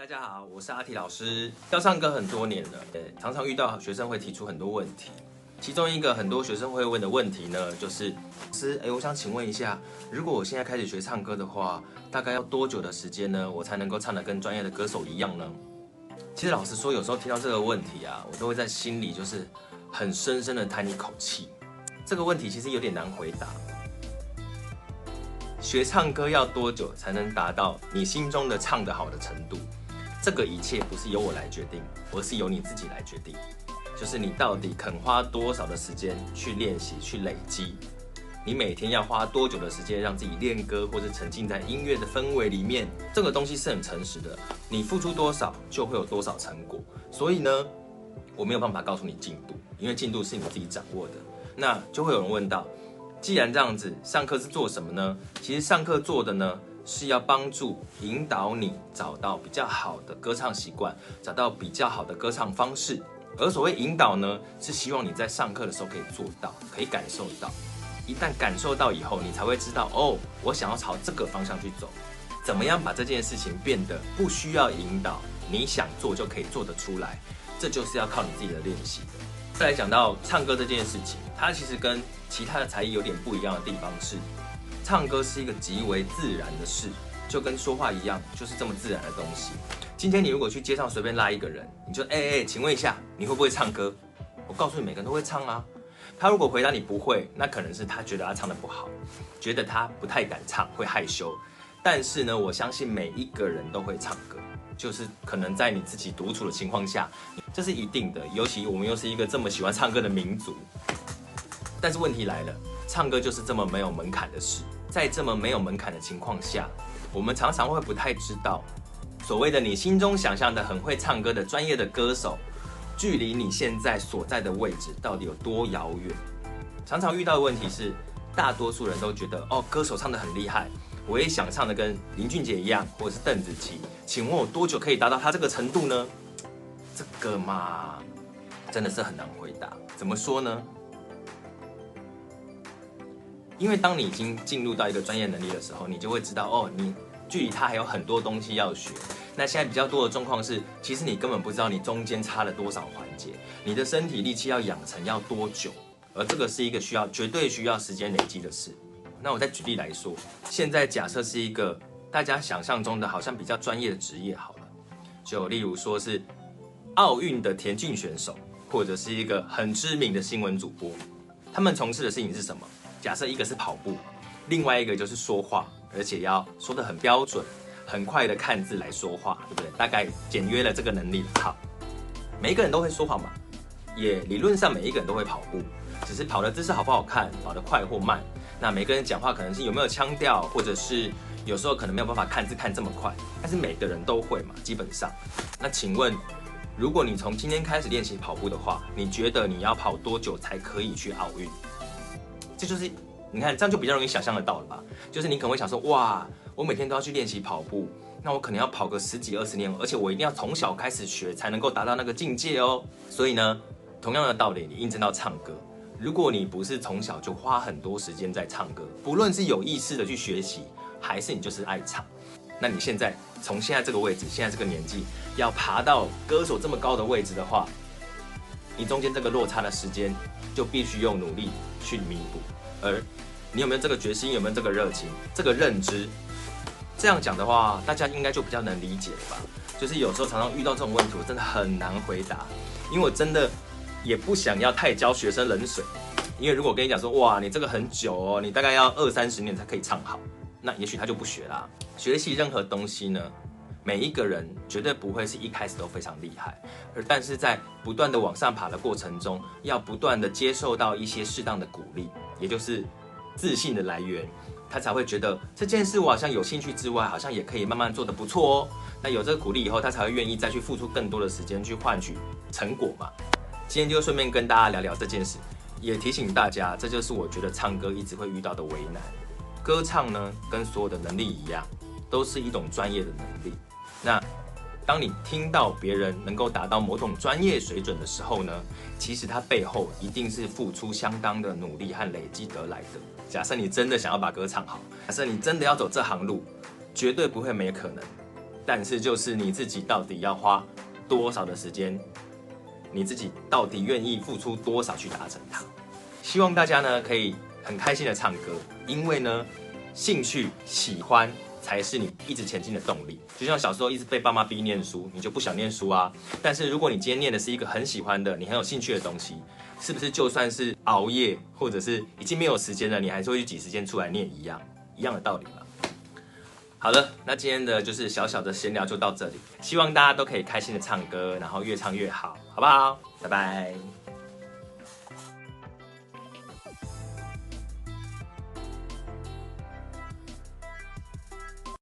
大家好，我是阿提老師，教唱歌很多年了，對，常常遇到學生會提出很多問題，其中一個很多學生會問的問題呢，就是，老師，哎、欸，我想請問一下，如果我現在開始學唱歌的話，大概要多久的時間呢？我才能夠唱得跟專業的歌手一樣呢？其實老實說，有時候聽到這個問題啊，我都會在心裡就是很深深的嘆一口氣。這個問題其實有點難回答，學唱歌要多久才能達到你心中的唱得好的程度？這個一切不是由我來決定，而是由你自己來決定。就是你到底肯花多少的時間去練習、去累積，你每天要花多久的時間讓自己練歌，或者沉浸在音樂的氛圍裡面。這個東西是很誠實的，你付出多少就會有多少成果。所以呢，我沒有辦法告訴你進度，因為進度是你自己掌握的。那就會有人問到：既然這樣子，上課是做什麼呢？其實上課做的呢，是要幫助引導你找到比較好的歌唱習慣，找到比較好的歌唱方式。而所謂引導呢，是希望你在上課的時候可以做到，可以感受到。一旦感受到以後，你才會知道哦，我想要朝這個方向去走。怎麼樣把這件事情變得不需要引導，你想做就可以做得出來？這就是要靠你自己的練習的。再來講到唱歌這件事情，它其實跟其他的才藝有點不一樣的地方是。唱歌是一個極為自然的事，就跟說話一樣，就是這麼自然的東西。今天你如果去街上隨便拉一個人，你就哎哎、欸欸，請問一下，你會不會唱歌？我告訴你，每個人都會唱啊。他如果回答你不會，那可能是他覺得他唱得不好，覺得他不太敢唱，會害羞。但是呢，我相信每一個人都會唱歌，就是可能在你自己獨處的情況下，這是一定的。尤其我們又是一個這麼喜歡唱歌的民族。但是問題來了，唱歌就是這麼沒有門檻的事。在這麼沒有門檻的情況下，我們常常會不太知道，所謂的你心中想象的很會唱歌的專業的歌手，距離你現在所在的位置到底有多遙遠？常常遇到的問題是，大多數人都覺得，哦，歌手唱得很厲害，我也想唱得跟林俊傑一樣，或者是鄧紫棋。請問我多久可以達到他這個程度呢？這個嘛，真的是很難回答。怎麼說呢？因為當你已經進入到一個專業能力的時候，你就會知道，哦，你距離他還有很多東西要學。那現在比較多的狀況是，其實你根本不知道你中間差了多少環節，你的身體力氣要養成要多久，而這個是一個需要絕對需要時間累積的事。那我再舉例來說，現在假設是一個大家想象中的好像比較專業的職業好了，就例如說是奧運的田徑選手，或者是一個很知名的新聞主播。他們從事的事情是什麼？假設一個是跑步，另外一個就是說話，而且要說得很標準，很快的看字來說話，對不對？大概簡約了這個能力。好，每一個人都會說話嘛，也理論上每一個人都會跑步，只是跑的姿勢好不好看，跑得快或慢。那每個人講話可能是有沒有腔調，或者是有時候可能沒有辦法看字看這麼快，但是每個人都會嘛，基本上。那請問？如果你從今天開始練習跑步的話，你覺得你要跑多久才可以去奧運？這就是，你看這樣就比較容易想象得到了吧？就是你可能會想說，哇，我每天都要去練習跑步，那我可能要跑個十幾二十年，而且我一定要從小開始學才能夠達到那個境界哦。所以呢，同樣的道理，你印證到唱歌，如果你不是從小就花很多時間在唱歌，不論是有意識的去學習，還是你就是愛唱。那你現在從現在這個位置，現在這個年紀，要爬到歌手這麼高的位置的話，你中間這個落差的時間就必須用努力去彌補。而你有沒有這個決心，有沒有這個熱情，這個認知？這樣講的話，大家應該就比較能理解了吧？就是有時候常常遇到這種問題，我真的很難回答，因為我真的也不想要太澆學生冷水。因為如果跟你講說，哇，你這個很久哦，你大概要二三十年才可以唱好。那也許他就不學啦。學習任何東西呢，每一個人絕對不會是一開始都非常厲害，而但是在不斷的往上爬的過程中，要不斷的接受到一些適當的鼓勵，也就是自信的來源，他才會覺得這件事我好像有興趣之外，好像也可以慢慢做得不錯哦。那有這個鼓勵以後，他才會願意再去付出更多的時間去換取成果嘛。今天就順便跟大家聊聊這件事，也提醒大家，這就是我覺得唱歌一直會遇到的為難。歌唱呢，跟所有的能力一樣，都是一種專業的能力。那當你聽到別人能夠達到某種專業水準的時候呢，其實它背後一定是付出相當的努力和累積得來的。假設你真的想要把歌唱好，假設你真的要走這行路，絕對不會沒可能。但是就是你自己到底要花多少的時間，你自己到底願意付出多少去達成它。希望大家呢可以。很開心的唱歌，因為呢，興趣喜歡才是你一直前進的動力。就像小時候一直被爸媽逼念書，你就不想念書啊。但是如果你今天念的是一個很喜歡的、你很有興趣的東西，是不是就算是熬夜或者是已經沒有時間了，你還是會去擠時間出來念一樣一樣的道理吧。好了，那今天的就是小小的閒聊就到這裡，希望大家都可以開心的唱歌，然後越唱越好，好不好？拜拜。